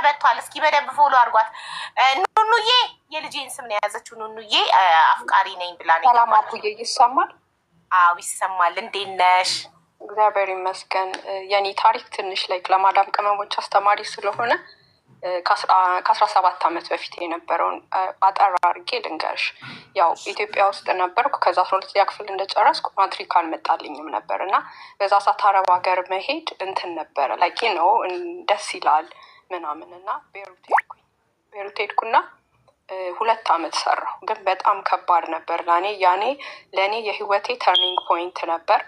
ተበቷል። እስኪ በደንብ ፎሎ አድርጓት። ኑኑዬ የልጄን ስም ነው የያዘችው። ኑኑዬ አፍቃሪ ነኝ ብላ ሰላም ይሰማል? አዎ ይሰማል። እንዴት ነሽ? እግዚአብሔር ይመስገን። የኔ ታሪክ ትንሽ ላይ ለማዳም ቅመሞች አስተማሪ ስለሆነ ከአስራ ሰባት ዓመት በፊት የነበረውን አጠራ አድርጌ ልንገርሽ። ያው ኢትዮጵያ ውስጥ ነበርኩ። ከዛ አስራ ሁለተኛ ክፍል እንደጨረስኩ ማትሪክ አልመጣልኝም ነበር እና በዛ ሰዓት አረብ ሀገር መሄድ እንትን ነበረ ላይ ነው ደስ ይላል ምናምን እና ቤሩት ሄድኩኝ። ቤሩት ሄድኩና ሁለት አመት ሰራሁ። ግን በጣም ከባድ ነበር ለእኔ ያኔ ለእኔ የህይወቴ ተርኒንግ ፖይንት ነበር።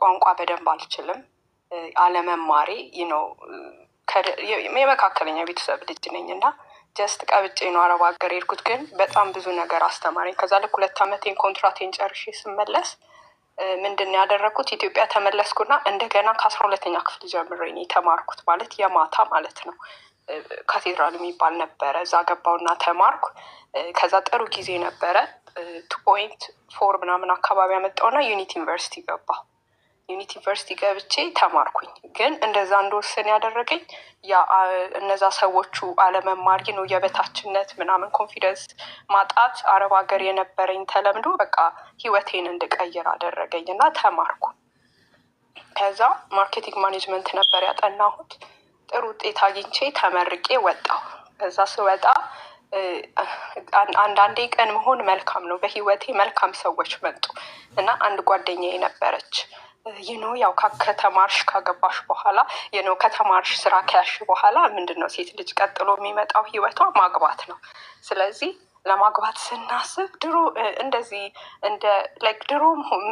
ቋንቋ በደንብ አልችልም አለመማሬ ነው። የመካከለኛ ቤተሰብ ልጅ ነኝ እና ጀስት ቀብጬ ነው አረብ ሀገር ሄድኩት። ግን በጣም ብዙ ነገር አስተማረኝ። ከዛ ልክ ሁለት አመቴን ኮንትራቴን ጨርሼ ስመለስ ምንድን ነው ያደረግኩት? ኢትዮጵያ ተመለስኩና እንደገና ከአስራ ሁለተኛ ክፍል ጀምሬ ነው የተማርኩት። ማለት የማታ ማለት ነው። ካቴድራል የሚባል ነበረ። እዛ ገባውና ተማርኩ። ከዛ ጥሩ ጊዜ ነበረ። ቱ ፖይንት ፎር ምናምን አካባቢ ያመጣውና ዩኒት ዩኒቨርሲቲ ገባ። ዩኒቨርሲቲ ገብቼ ተማርኩኝ። ግን እንደዛ እንደወሰን ያደረገኝ ያ እነዛ ሰዎቹ አለመማሪ ነው፣ የበታችነት ምናምን ኮንፊደንስ ማጣት አረብ ሀገር የነበረኝ ተለምዶ በቃ ህይወቴን እንድቀይር አደረገኝ እና ተማርኩ። ከዛ ማርኬቲንግ ማኔጅመንት ነበር ያጠናሁት። ጥሩ ውጤት አግኝቼ ተመርቄ ወጣሁ። ከዛ ስወጣ አንዳንዴ ቀን መሆን መልካም ነው። በህይወቴ መልካም ሰዎች መጡ እና አንድ ጓደኛ ነበረች ይኖ ያው ከተማርሽ ካገባሽ በኋላ የኖ ከተማርሽ ስራ ከያሽ በኋላ ምንድን ነው ሴት ልጅ ቀጥሎ የሚመጣው ህይወቷ ማግባት ነው። ስለዚህ ለማግባት ስናስብ ድሮ እንደዚህ እንደ ላይክ ድሮ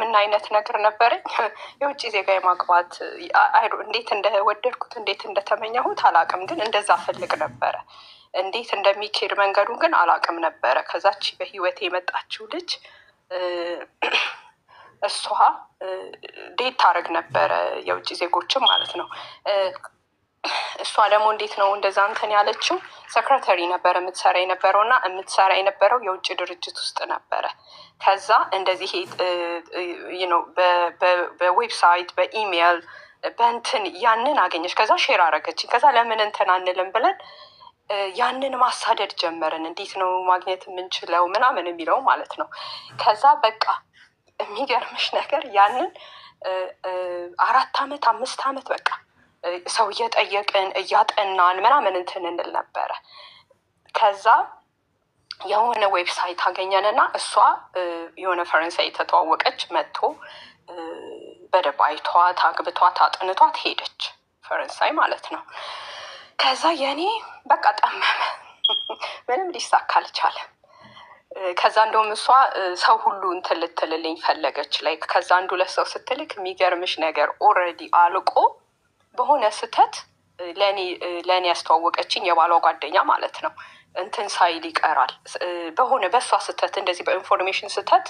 ምን አይነት ነገር ነበረኝ የውጭ ዜጋ የማግባት እንዴት እንደወደድኩት እንዴት እንደተመኘሁት አላውቅም፣ ግን እንደዛ ፈልግ ነበረ እንዴት እንደሚኬድ መንገዱን ግን አላውቅም ነበረ። ከዛች በህይወት የመጣችው ልጅ እሷ ዴት ታደርግ ነበረ የውጭ ዜጎችም ማለት ነው። እሷ ደግሞ እንዴት ነው እንደዛ እንትን ያለችው? ሰክረተሪ ነበረ የምትሰራ የነበረው እና የምትሰራ የነበረው የውጭ ድርጅት ውስጥ ነበረ። ከዛ እንደዚህ ነው በዌብሳይት በኢሜይል በእንትን ያንን አገኘች። ከዛ ሼር አረገችኝ። ከዛ ለምን እንትን አንልም ብለን ያንን ማሳደድ ጀመርን። እንዴት ነው ማግኘት የምንችለው ምናምን የሚለው ማለት ነው። ከዛ በቃ የሚገርምሽ ነገር ያንን አራት አመት አምስት አመት በቃ ሰው እየጠየቅን እያጠናን ምናምን እንትን እንል ነበረ። ከዛ የሆነ ዌብሳይት አገኘን እና እሷ የሆነ ፈረንሳይ የተተዋወቀች መጥቶ በደንብ አይቷት አግብቷት አጥንቷት ሄደች፣ ፈረንሳይ ማለት ነው። ከዛ የእኔ በቃ ጠመመ፣ ምንም ሊሳካ አልቻለም። ከዛ እንደውም እሷ ሰው ሁሉ እንትን ልትልልኝ ፈለገች ላይ ከዛ አንዱ ለሰው ስትልክ የሚገርምሽ ነገር ኦልሬዲ አልቆ በሆነ ስህተት ለእኔ ያስተዋወቀችኝ የባሏ ጓደኛ ማለት ነው እንትን ሳይል ይቀራል። በሆነ በእሷ ስህተት እንደዚህ በኢንፎርሜሽን ስህተት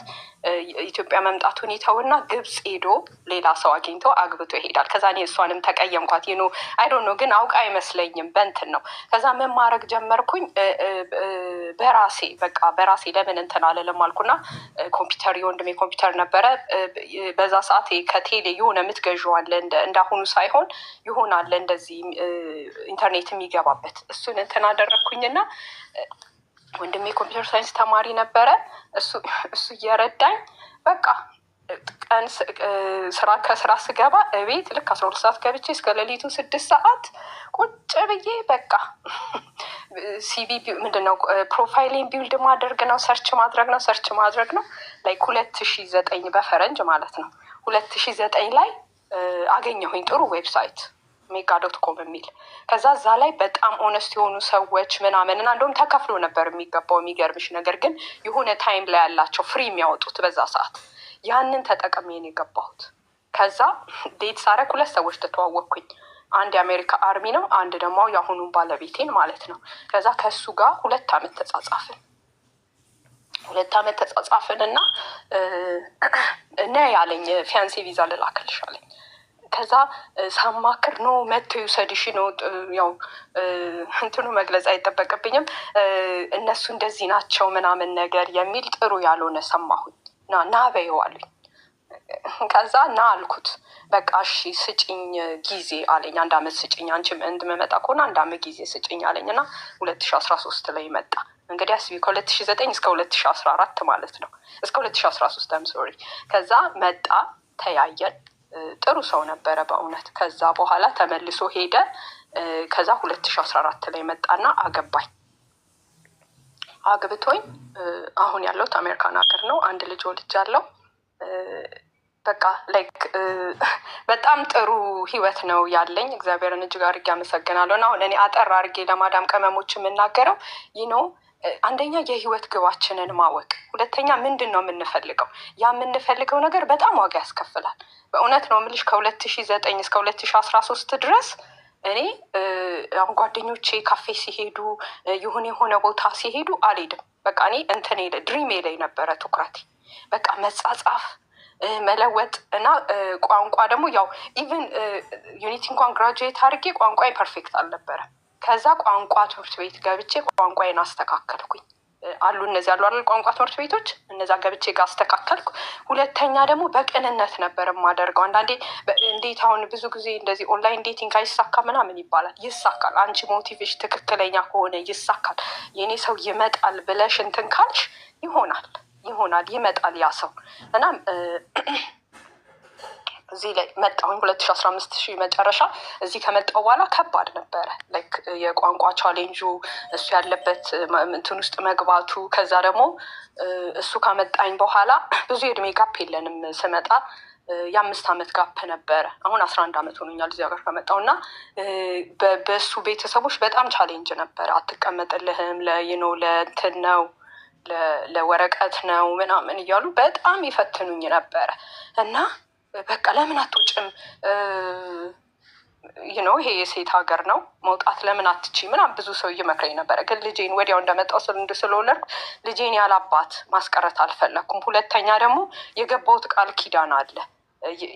ኢትዮጵያ መምጣቱን ይተውና ግብጽ ሄዶ ሌላ ሰው አግኝቶ አግብቶ ይሄዳል። ከዛ እኔ እሷንም ተቀየምኳት። ይኖ አይዶን ነው ግን አውቅ አይመስለኝም በእንትን ነው። ከዛ ምን ማድረግ ጀመርኩኝ በራሴ በቃ በራሴ ለምን እንትን አለለም አልኩና ኮምፒውተር የወንድሜ ኮምፒውተር ነበረ በዛ ሰዓት ከቴሌ የሆነ የምትገዥዋለ እንዳሁኑ ሳይሆን ይሆናለ እንደዚህ ኢንተርኔት የሚገባበት እሱን እንትን አደረግኩኝና ወንድሜ ኮምፒውተር ሳይንስ ተማሪ ነበረ። እሱ እየረዳኝ በቃ ቀን ስራ ከስራ ስገባ እቤት ልክ አስራ ሁለት ሰዓት ገብቼ እስከ ሌሊቱ ስድስት ሰዓት ቁጭ ብዬ በቃ ሲቪ ምንድነው ፕሮፋይሌን ቢውልድ ማድረግ ነው፣ ሰርች ማድረግ ነው፣ ሰርች ማድረግ ነው። ላይ ሁለት ሺ ዘጠኝ በፈረንጅ ማለት ነው። ሁለት ሺ ዘጠኝ ላይ አገኘሁኝ ጥሩ ዌብሳይት ሜጋ ዶት ኮም የሚል ከዛ እዛ ላይ በጣም ኦነስት የሆኑ ሰዎች ምናምን እና እንደውም ተከፍሎ ነበር የሚገባው። የሚገርምሽ ነገር ግን የሆነ ታይም ላይ ያላቸው ፍሪ የሚያወጡት በዛ ሰዓት ያንን ተጠቅሜ ነው የገባሁት። ከዛ ዴት ሳረክ ሁለት ሰዎች ተተዋወቅኩኝ። አንድ የአሜሪካ አርሚ ነው፣ አንድ ደግሞ የአሁኑን ባለቤቴን ማለት ነው። ከዛ ከእሱ ጋር ሁለት አመት ተጻጻፍን ሁለት አመት ተጻጻፍን እና እና ያለኝ ፊያንሴ ቪዛ ልላክልሽ ከዛ ሳማክር ነው መቶ ይውሰድሽ ነው ያው እንትኑ መግለጽ አይጠበቅብኝም። እነሱ እንደዚህ ናቸው ምናምን ነገር የሚል ጥሩ ያልሆነ ሰማሁኝ እና ና በይው አሉኝ። ከዛ ና አልኩት። በቃ እሺ ስጭኝ ጊዜ አለኝ። አንድ አመት ስጭኝ አንቺ እንድመጣ ከሆነ አንድ አመት ጊዜ ስጭኝ አለኝ እና ሁለት ሺ አስራ ሶስት ላይ መጣ። እንግዲህ አስቢ ከሁለት ሺ ዘጠኝ እስከ ሁለት ሺ አስራ አራት ማለት ነው እስከ ሁለት ሺ አስራ ሶስት አም ሶሪ። ከዛ መጣ ተያየን ጥሩ ሰው ነበረ በእውነት። ከዛ በኋላ ተመልሶ ሄደ። ከዛ ሁለት ሺ አስራ አራት ላይ መጣና አገባኝ። አግብቶኝ አሁን ያለሁት አሜሪካን ሀገር ነው። አንድ ልጅ ወልጅ አለው። በቃ ላይክ በጣም ጥሩ ህይወት ነው ያለኝ። እግዚአብሔርን እጅግ አድርጌ አመሰግናለሁ። አሁን እኔ አጠር አድርጌ ለማዳም ቀመሞች የምናገረው ይህ ነው። አንደኛ የህይወት ግባችንን ማወቅ፣ ሁለተኛ ምንድን ነው የምንፈልገው? ያ የምንፈልገው ነገር በጣም ዋጋ ያስከፍላል። በእውነት ነው የምልሽ ከሁለት ሺ ዘጠኝ እስከ ሁለት ሺ አስራ ሶስት ድረስ እኔ አሁን ጓደኞቼ ካፌ ሲሄዱ ይሁን የሆነ ቦታ ሲሄዱ አልሄድም። በቃ እኔ እንትን ድሪሜ ላይ ነበረ ትኩረቴ በቃ መጻጻፍ መለወጥ እና ቋንቋ ደግሞ ያው ኢቨን ዩኒቲ እንኳን ግራጁዌት አድርጌ ቋንቋ ፐርፌክት አልነበረም። ከዛ ቋንቋ ትምህርት ቤት ገብቼ ቋንቋዬን አስተካከልኩኝ። አሉ እነዚህ አሉ አይደል ቋንቋ ትምህርት ቤቶች እነዛ ገብቼ ጋር አስተካከልኩ። ሁለተኛ ደግሞ በቅንነት ነበር የማደርገው። አንዳንዴ እንዴት አሁን ብዙ ጊዜ እንደዚህ ኦንላይን ዴቲንግ አይሳካ ምናምን ይባላል። ይሳካል። አንቺ ሞቲቬሽ ትክክለኛ ከሆነ ይሳካል። የእኔ ሰው ይመጣል ብለሽ እንትን ካልሽ ይሆናል ይሆናል ይመጣል ያ ሰው እና እዚህ ላይ መጣሁኝ ሁለት ሺ አስራ አምስት ሺ መጨረሻ እዚህ ከመጣው በኋላ ከባድ ነበረ። ላይክ የቋንቋ ቻሌንጁ እሱ ያለበት እንትን ውስጥ መግባቱ ከዛ ደግሞ እሱ ከመጣኝ በኋላ ብዙ የእድሜ ጋፕ የለንም ስመጣ የአምስት ዓመት ጋፕ ነበረ። አሁን አስራ አንድ ዓመት ሆኖኛል እዚህ ሀገር ከመጣሁ እና በእሱ ቤተሰቦች በጣም ቻሌንጅ ነበረ። አትቀመጥልህም ለይኖ ለእንትን ነው ለወረቀት ነው ምናምን እያሉ በጣም ይፈትኑኝ ነበረ እና በቃ ለምን አትውጭም? ነው ይሄ የሴት ሀገር ነው፣ መውጣት ለምን አትቺ ምናምን ብዙ ሰው እየመክረኝ ነበረ። ግን ልጄን ወዲያው እንደመጣው ስልንድ ስለወለድኩ ልጄን ያላባት ማስቀረት አልፈለግኩም። ሁለተኛ ደግሞ የገባሁት ቃል ኪዳን አለ።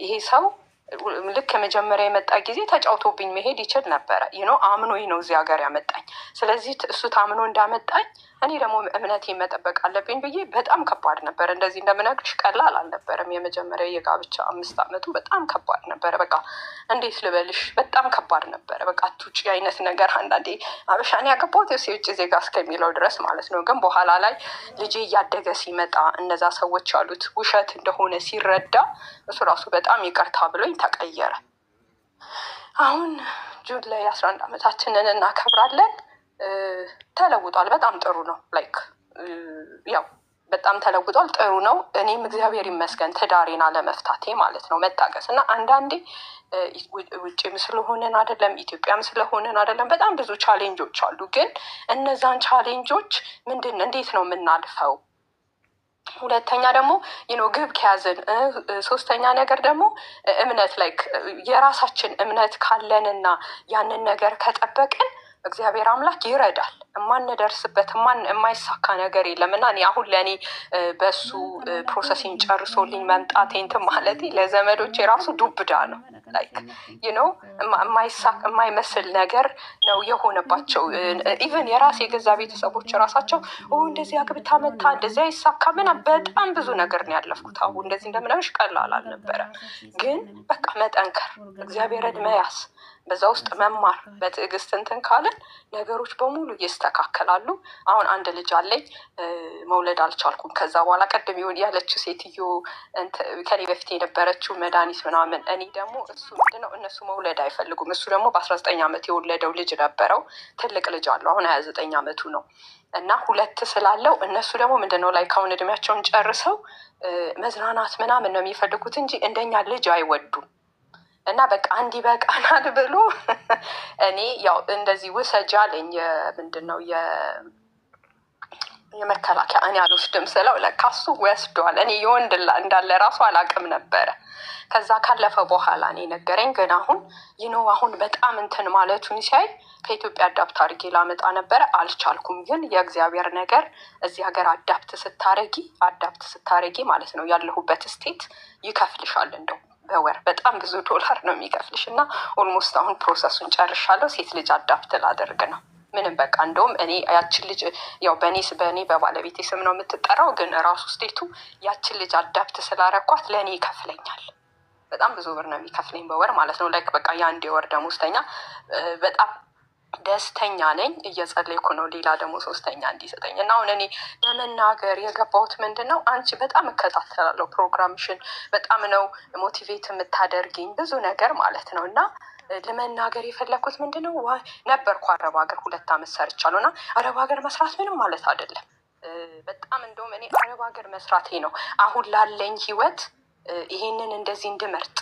ይሄ ሰው ልክ መጀመሪያ የመጣ ጊዜ ተጫውቶብኝ መሄድ ይችል ነበረ። ይህ አምኖኝ ነው እዚህ ሀገር ያመጣኝ። ስለዚህ እሱ ታምኖ እንዳመጣኝ እኔ ደግሞ እምነቴን መጠበቅ አለብኝ ብዬ በጣም ከባድ ነበር። እንደዚህ እንደምነግርሽ ቀላል አልነበረም። የመጀመሪያ የጋብቻ አምስት ዓመቱ በጣም ከባድ ነበረ። በቃ እንዴት ልበልሽ፣ በጣም ከባድ ነበረ። በቃ ቱጭ አይነት ነገር አንዳንዴ አበሻኔ ያገባት ስ የውጭ ዜጋ እስከሚለው ድረስ ማለት ነው። ግን በኋላ ላይ ልጄ እያደገ ሲመጣ እነዛ ሰዎች ያሉት ውሸት እንደሆነ ሲረዳ እሱ ራሱ በጣም ይቅርታ ብሎኝ ተቀየረ። አሁን ጁን ላይ አስራ አንድ ዓመታችንን እናከብራለን። ተለውጧል። በጣም ጥሩ ነው። ላይክ ያው በጣም ተለውጧል። ጥሩ ነው። እኔም እግዚአብሔር ይመስገን ትዳሬን አለመፍታቴ ማለት ነው መታገስ እና አንዳንዴ ውጭም ስለሆነን አይደለም ኢትዮጵያም ስለሆነን አይደለም በጣም ብዙ ቻሌንጆች አሉ። ግን እነዛን ቻሌንጆች ምንድን እንዴት ነው የምናልፈው? ሁለተኛ ደግሞ ይኖ ግብ ከያዝን፣ ሶስተኛ ነገር ደግሞ እምነት ላይክ የራሳችን እምነት ካለንና ያንን ነገር ከጠበቅን እግዚአብሔር አምላክ ይረዳል። የማንደርስበት የማይሳካ ነገር የለም እና እኔ አሁን ለእኔ በእሱ ፕሮሰሲን ጨርሶልኝ መምጣቴ እንትን ማለት ለዘመዶች የራሱ ዱብዳ ነው። ላይክ ነው የማይመስል ነገር ነው የሆነባቸው። ኢቨን የራስ የገዛ ቤተሰቦች ራሳቸው እንደዚህ አግብታ መታ እንደዚህ አይሳካ ምናምን በጣም ብዙ ነገር ነው ያለፍኩት። አሁ እንደዚህ እንደምናሽ ቀላል አልነበረም፣ ግን በቃ መጠንከር እግዚአብሔርን መያዝ በዛ ውስጥ መማር በትዕግስት እንትን ካለን ነገሮች በሙሉ ይስተካከላሉ። አሁን አንድ ልጅ አለኝ መውለድ አልቻልኩም። ከዛ በኋላ ቀደም ይሆን ያለችው ሴትዮ ከኔ በፊት የነበረችው መድኃኒት ምናምን እኔ ደግሞ እሱ ምንድነው እነሱ መውለድ አይፈልጉም። እሱ ደግሞ በአስራ ዘጠኝ ዓመት የወለደው ልጅ ነበረው። ትልቅ ልጅ አለው አሁን ሀያ ዘጠኝ ዓመቱ ነው እና ሁለት ስላለው እነሱ ደግሞ ምንድነው ላይ ካሁን እድሜያቸውን ጨርሰው መዝናናት ምናምን ነው የሚፈልጉት እንጂ እንደኛ ልጅ አይወዱም። እና በቃ አንድ ይበቃናል ብሎ እኔ ያው እንደዚህ ውሰጃ አለኝ። ምንድን ነው የመከላከያ እኔ አልወስድም ስለው ለካ እሱ ወስዷል። እኔ የወንድ እንዳለ ራሱ አላቅም ነበረ። ከዛ ካለፈ በኋላ እኔ ነገረኝ። ግን አሁን ይኖ አሁን በጣም እንትን ማለቱን ሲያይ ከኢትዮጵያ አዳፕት አድርጌ ላመጣ ነበረ አልቻልኩም። ግን የእግዚአብሔር ነገር እዚህ ሀገር አዳፕት ስታረጊ አዳፕት ስታረጊ ማለት ነው ያለሁበት ስቴት ይከፍልሻል እንደው በወር በጣም ብዙ ዶላር ነው የሚከፍልሽ እና ኦልሞስት አሁን ፕሮሰሱን ጨርሻለሁ። ሴት ልጅ አዳፕት ላደርግ ነው። ምንም በቃ እንደውም እኔ ያችን ልጅ ያው በእኔ በእኔ በባለቤቴ ስም ነው የምትጠራው፣ ግን ራሱ ስቴቱ ያችን ልጅ አዳፕት ስላረኳት ለእኔ ይከፍለኛል። በጣም ብዙ ብር ነው የሚከፍለኝ በወር ማለት ነው። ላይክ በቃ የአንድ የወር ደሞዝተኛ በጣም ደስተኛ ነኝ እየጸለይኩ ነው። ሌላ ደግሞ ሶስተኛ እንዲሰጠኝ እና አሁን እኔ ለመናገር የገባሁት ምንድን ነው፣ አንቺ በጣም እከታተላለሁ ፕሮግራምሽን፣ በጣም ነው ሞቲቬት የምታደርግኝ ብዙ ነገር ማለት ነው እና ለመናገር የፈለግኩት ምንድን ነው ነበርኩ አረብ ሀገር ሁለት አመት ሰርቻለሁ እና አረብ ሀገር መስራት ምንም ማለት አይደለም። በጣም እንደውም እኔ አረብ ሀገር መስራቴ ነው አሁን ላለኝ ህይወት ይሄንን እንደዚህ እንድመርጥ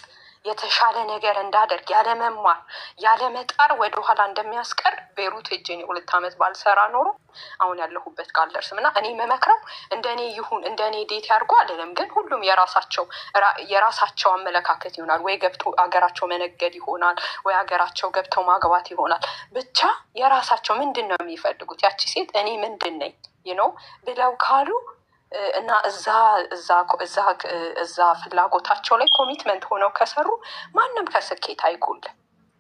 የተሻለ ነገር እንዳደርግ ያለመማር ያለመጣር ወደኋላ እንደሚያስቀር ቤሩት ሄጄ እኔ ሁለት ዓመት ባልሰራ ኖሮ አሁን ያለሁበት ጋር አልደርስም። እና እኔ መመክረው እንደኔ ይሁን እንደኔ ዴት ያርጉ አልልም፣ ግን ሁሉም የራሳቸው የራሳቸው አመለካከት ይሆናል። ወይ ገብቶ አገራቸው መነገድ ይሆናል፣ ወይ አገራቸው ገብተው ማግባት ይሆናል። ብቻ የራሳቸው ምንድን ነው የሚፈልጉት ያቺ ሴት እኔ ምንድን ነኝ ነው ብለው ካሉ እና እዛ እዛ እዛ እዛ ፍላጎታቸው ላይ ኮሚትመንት ሆነው ከሰሩ ማንም ከስኬት አይጎል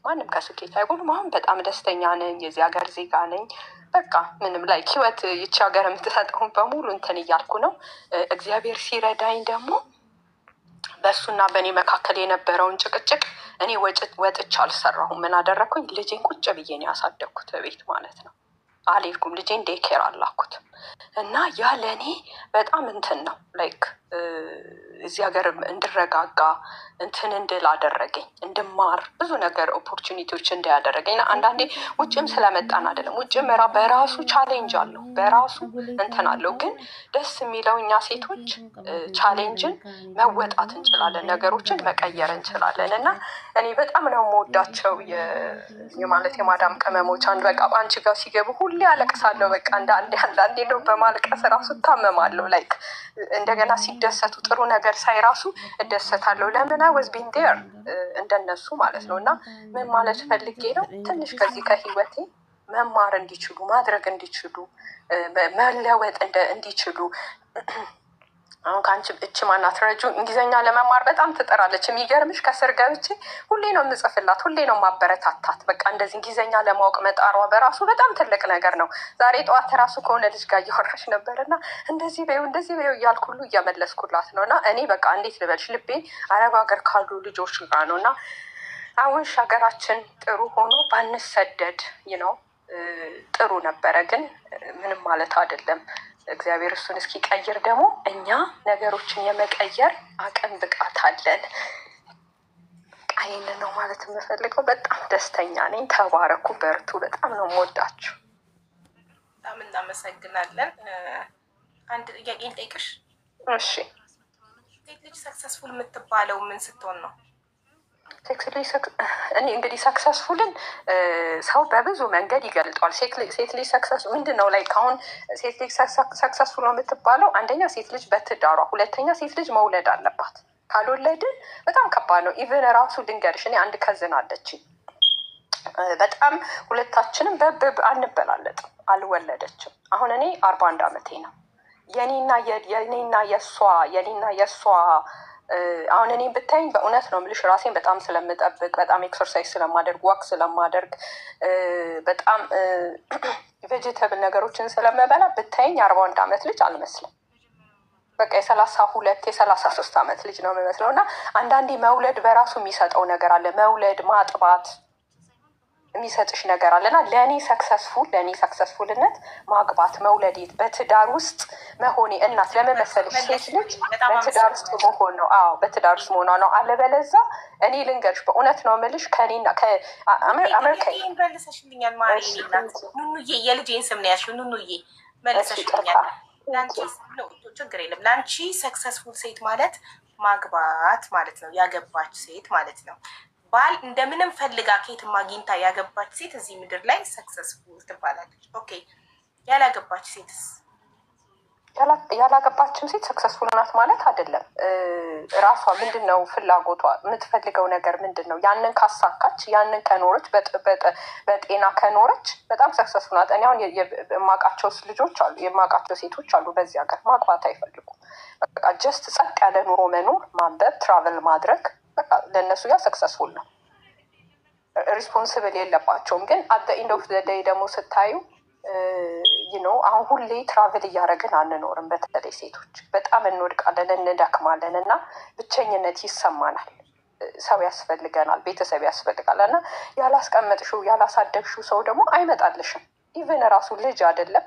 ማንም ከስኬት አይጎል። አሁን በጣም ደስተኛ ነኝ፣ የዚህ ሀገር ዜጋ ነኝ። በቃ ምንም ላይ ህይወት ይቺ ሀገር የምትሰጠውን በሙሉ እንትን እያልኩ ነው። እግዚአብሔር ሲረዳኝ ደግሞ በእሱና በእኔ መካከል የነበረውን ጭቅጭቅ እኔ ወጥቻ አልሰራሁም። ምን አደረግኩኝ? ልጄን ቁጭ ብዬ ነው ያሳደግኩት ቤት ማለት ነው። አልሄድኩም። ልጄን ዴይ ኬር አላኩት እና ያ ለእኔ በጣም እንትን ነው ላይክ እዚህ ሀገር እንድረጋጋ እንትን እንድል አደረገኝ፣ እንድማር ብዙ ነገር ኦፖርቹኒቲዎች እንዳያደረገኝ። አንዳንዴ ውጭም ስለመጣን አይደለም ውጭም በራሱ ቻሌንጅ አለው በራሱ እንትን አለው። ግን ደስ የሚለው እኛ ሴቶች ቻሌንጅን መወጣት እንችላለን፣ ነገሮችን መቀየር እንችላለን። እና እኔ በጣም ነው የምወዳቸው የማለት የማዳም ቅመሞች አንድ በቃ በአንቺ ጋር ሲገቡ ሁሉ ሁሌ አለቅሳለሁ። በቃ እንደ አንዴ አንዳንዴ ነው በማልቀስ ራሱ እታመማለሁ። ላይክ እንደገና ሲደሰቱ ጥሩ ነገር ሳይ ራሱ እደሰታለሁ። ለምን ወዝ ቢን ዴር እንደነሱ ማለት ነው። እና ምን ማለት ፈልጌ ነው ትንሽ ከዚህ ከህይወቴ መማር እንዲችሉ ማድረግ እንዲችሉ መለወጥ እንዲችሉ አሁን ከአንቺ እች ማናት ረጁ እንግሊዝኛ ለመማር በጣም ትጠራለች። የሚገርምሽ ከስር ገብቼ ሁሌ ነው የምጽፍላት፣ ሁሌ ነው ማበረታታት። በቃ እንደዚህ እንግሊዝኛ ለማወቅ መጣሯ በራሱ በጣም ትልቅ ነገር ነው። ዛሬ ጠዋት ራሱ ከሆነ ልጅ ጋር እያወራሽ ነበር እና እንደዚህ በይው እንደዚህ በይው እያልኩ ሁሉ እያመለስኩላት ነው እና እኔ በቃ እንዴት ልበልሽ ልቤ አረብ ሀገር ካሉ ልጆች ጋር ነው እና አሁን ሀገራችን ጥሩ ሆኖ ባንሰደድ ይነው ጥሩ ነበረ። ግን ምንም ማለት አይደለም። እግዚአብሔር እሱን እስኪቀይር ደግሞ እኛ ነገሮችን የመቀየር አቅም ብቃት አለን። ይህንን ነው ማለት የምፈልገው። በጣም ደስተኛ ነኝ። ተባረኩ፣ በርቱ። በጣም ነው የምወዳችሁ። በጣም እናመሰግናለን። አንድ ጥያቄ ልጠይቅሽ? እሺ። ሴት ልጅ ሰክሰስፉል የምትባለው ምን ስትሆን ነው? እኔ እንግዲህ ሰክሰስፉልን ሰው በብዙ መንገድ ይገልጧል። ሴት ልጅ ሰክሰስ ምንድን ነው ላይ ካሁን ሴት ልጅ ሰክሰስፉል ነው የምትባለው አንደኛ ሴት ልጅ በትዳሯ፣ ሁለተኛ ሴት ልጅ መውለድ አለባት። ካልወለድን በጣም ከባድ ነው። ኢቨን ራሱ ድንገርሽ እኔ አንድ ከዝን አለችኝ በጣም ሁለታችንም በብብ አንበላለጥም። አልወለደችም። አሁን እኔ አርባ አንድ አመቴ ነው የኔና የኔና የእሷ የኔና የእሷ አሁን እኔ ብታይኝ በእውነት ነው የምልሽ ራሴን በጣም ስለምጠብቅ በጣም ኤክሰርሳይዝ ስለማደርግ ዋክ ስለማደርግ በጣም ቬጅተብል ነገሮችን ስለምበላ ብታይኝ አርባ አንድ ዓመት ልጅ አልመስልም። በቃ የሰላሳ ሁለት የሰላሳ ሶስት ዓመት ልጅ ነው የምመስለው እና አንዳንዴ መውለድ በራሱ የሚሰጠው ነገር አለ። መውለድ ማጥባት የሚሰጥሽ ነገር አለና ለእኔ ሰክሰስፉል ለእኔ ሰክሰስፉልነት ማግባት መውለዴት በትዳር ውስጥ መሆኔ እናት ለመመሰልሽ ሴት ልጅ በትዳር ውስጥ መሆን ነው። አዎ በትዳር ውስጥ መሆኗ ነው። አለበለዛ እኔ ልንገርሽ በእውነት ነው የምልሽ ከኔና አሜሪካ ኑኑዬ የልጄን ስም ነው ያልሽው። ኑኑዬ መልሰሽልኛል። ችግር የለም ለአንቺ ሰክሰስፉል ሴት ማለት ማግባት ማለት ነው፣ ያገባች ሴት ማለት ነው። ባል እንደምንም ፈልጋ ከየትም አግኝታ ያገባች ሴት እዚህ ምድር ላይ ሰክሰስፉል ትባላለች። ኦኬ ያላገባች ሴትስ? ያላገባችም ሴት ሰክሰስፉል ናት ማለት አይደለም። ራሷ ምንድን ነው ፍላጎቷ፣ የምትፈልገው ነገር ምንድን ነው? ያንን ካሳካች፣ ያንን ከኖረች፣ በጤና ከኖረች በጣም ሰክሰስፉል ናት። እኔ አሁን የማውቃቸው ልጆች አሉ፣ የማውቃቸው ሴቶች አሉ በዚህ ሀገር ማግባት አይፈልጉም። በቃ ጀስት ጸጥ ያለ ኑሮ መኖር፣ ማንበብ፣ ትራቨል ማድረግ በቃ ለእነሱ ጋር ሰክሰስፉል ነው። ሪስፖንስብል የለባቸውም። ግን አደ ኢንድ ኦፍ ደይ ደግሞ ስታዩ ነው አሁን ሁሌ ትራቭል እያደረግን አንኖርም። በተለይ ሴቶች በጣም እንወድቃለን፣ እንደክማለን እና ብቸኝነት ይሰማናል። ሰው ያስፈልገናል፣ ቤተሰብ ያስፈልጋል እና ያላስቀመጥሽው ያላሳደግሽው ሰው ደግሞ አይመጣልሽም። ኢቨን ራሱ ልጅ አይደለም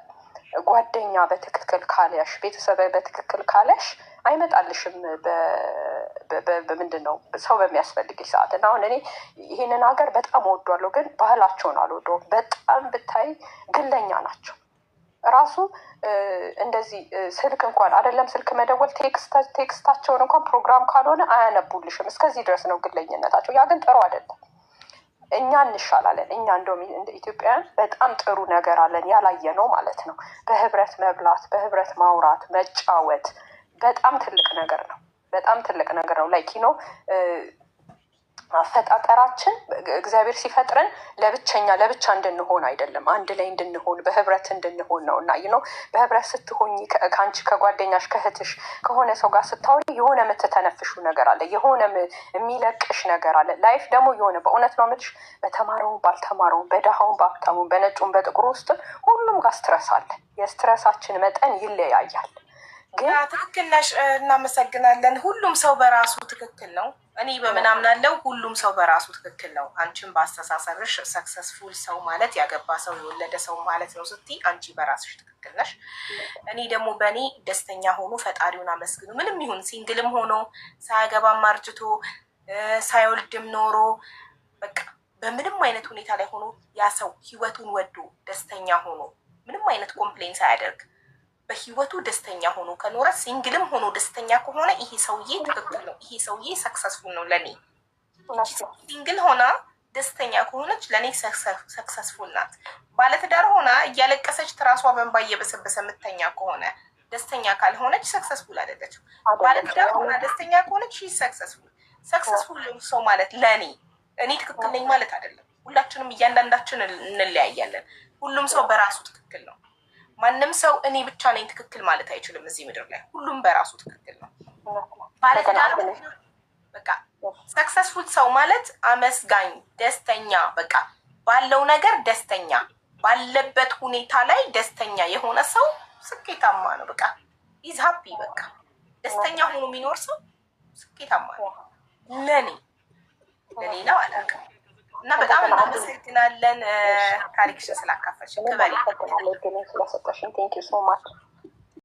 ጓደኛ በትክክል ካልያሽ፣ ቤተሰብ በትክክል ካልያሽ አይመጣልሽም። በምንድን ነው ሰው በሚያስፈልግ ሰዓት እና አሁን እኔ ይህንን ሀገር በጣም እወዷለሁ፣ ግን ባህላቸውን አልወደውም። በጣም ብታይ ግለኛ ናቸው። ራሱ እንደዚህ ስልክ እንኳን አይደለም ስልክ መደወል ቴክስታቸውን እንኳን ፕሮግራም ካልሆነ አያነቡልሽም። እስከዚህ ድረስ ነው ግለኝነታቸው። ያ ግን ጥሩ አይደለም። እኛ እንሻላለን። እኛ እንደውም እንደ ኢትዮጵያውያን በጣም ጥሩ ነገር አለን ያላየነው ማለት ነው። በህብረት መብላት፣ በህብረት ማውራት፣ መጫወት በጣም ትልቅ ነገር ነው። በጣም ትልቅ ነገር ነው። ላይክ ነው አፈጣጠራችን እግዚአብሔር ሲፈጥረን ለብቸኛ ለብቻ እንድንሆን አይደለም፣ አንድ ላይ እንድንሆን በህብረት እንድንሆን ነው እና ነው በህብረት ስትሆኝ ከአንቺ ከጓደኛሽ ከእህትሽ ከሆነ ሰው ጋር ስታወሪ የሆነ የምትተነፍሹ ነገር አለ፣ የሆነ የሚለቅሽ ነገር አለ። ላይፍ ደግሞ የሆነ በእውነት ነው የምልሽ በተማረውን ባልተማረውን፣ በድሃውን በሀብታሙን፣ በነጩን በጥቁር ውስጥ ሁሉም ጋር ስትረስ አለ። የስትረሳችን መጠን ይለያያል። ትክክል ነሽ። እናመሰግናለን። ሁሉም ሰው በራሱ ትክክል ነው። እኔ በምናምናለው ሁሉም ሰው በራሱ ትክክል ነው። አንቺን በአስተሳሰብሽ ሰክሰስፉል ሰው ማለት ያገባ ሰው የወለደ ሰው ማለት ነው ስትይ አንቺ በራስሽ ትክክል ነሽ። እኔ ደግሞ በእኔ ደስተኛ ሆኖ ፈጣሪውን አመስግኑ። ምንም ይሁን ሲንግልም ሆኖ ሳያገባም አርጅቶ ሳይወልድም ኖሮ በቃ በምንም አይነት ሁኔታ ላይ ሆኖ ያ ሰው ህይወቱን ወዶ ደስተኛ ሆኖ ምንም አይነት ኮምፕሌን ሳያደርግ በህይወቱ ደስተኛ ሆኖ ከኖረ ሲንግልም ሆኖ ደስተኛ ከሆነ ይሄ ሰውዬ ትክክል ነው። ይሄ ሰውዬ ሰክሰስፉል ነው። ለኔ ሲንግል ሆና ደስተኛ ከሆነች ለእኔ ሰክሰስፉል ናት። ባለትዳር ሆና እያለቀሰች ትራሷ በንባ እየበሰበሰ የምተኛ ከሆነ ደስተኛ ካልሆነች ሰክሰስፉል አይደለችም። ባለትዳር ሆና ደስተኛ ከሆነች ይህ ሰክሰስፉል ሰክሰስፉል ሰው ማለት ለእኔ እኔ ትክክል ነኝ ማለት አይደለም። ሁላችንም እያንዳንዳችን እንለያያለን። ሁሉም ሰው በራሱ ትክክል ነው። ማንም ሰው እኔ ብቻ ነኝ ትክክል ማለት አይችልም። እዚህ ምድር ላይ ሁሉም በራሱ ትክክል ነው ማለት በቃ ሰክሰስፉል ሰው ማለት አመስጋኝ፣ ደስተኛ፣ በቃ ባለው ነገር ደስተኛ፣ ባለበት ሁኔታ ላይ ደስተኛ የሆነ ሰው ስኬታማ ነው። በቃ ኢዝ ሀፒ በቃ ደስተኛ ሆኖ የሚኖር ሰው ስኬታማ ነው። ለእኔ ነው አላውቅም። እና በጣም እናመሰግናለን። ታሪክሽን ስላካፈልሽን ክበሪ ስለሰጠሽን ቴንኪው ሶ ማች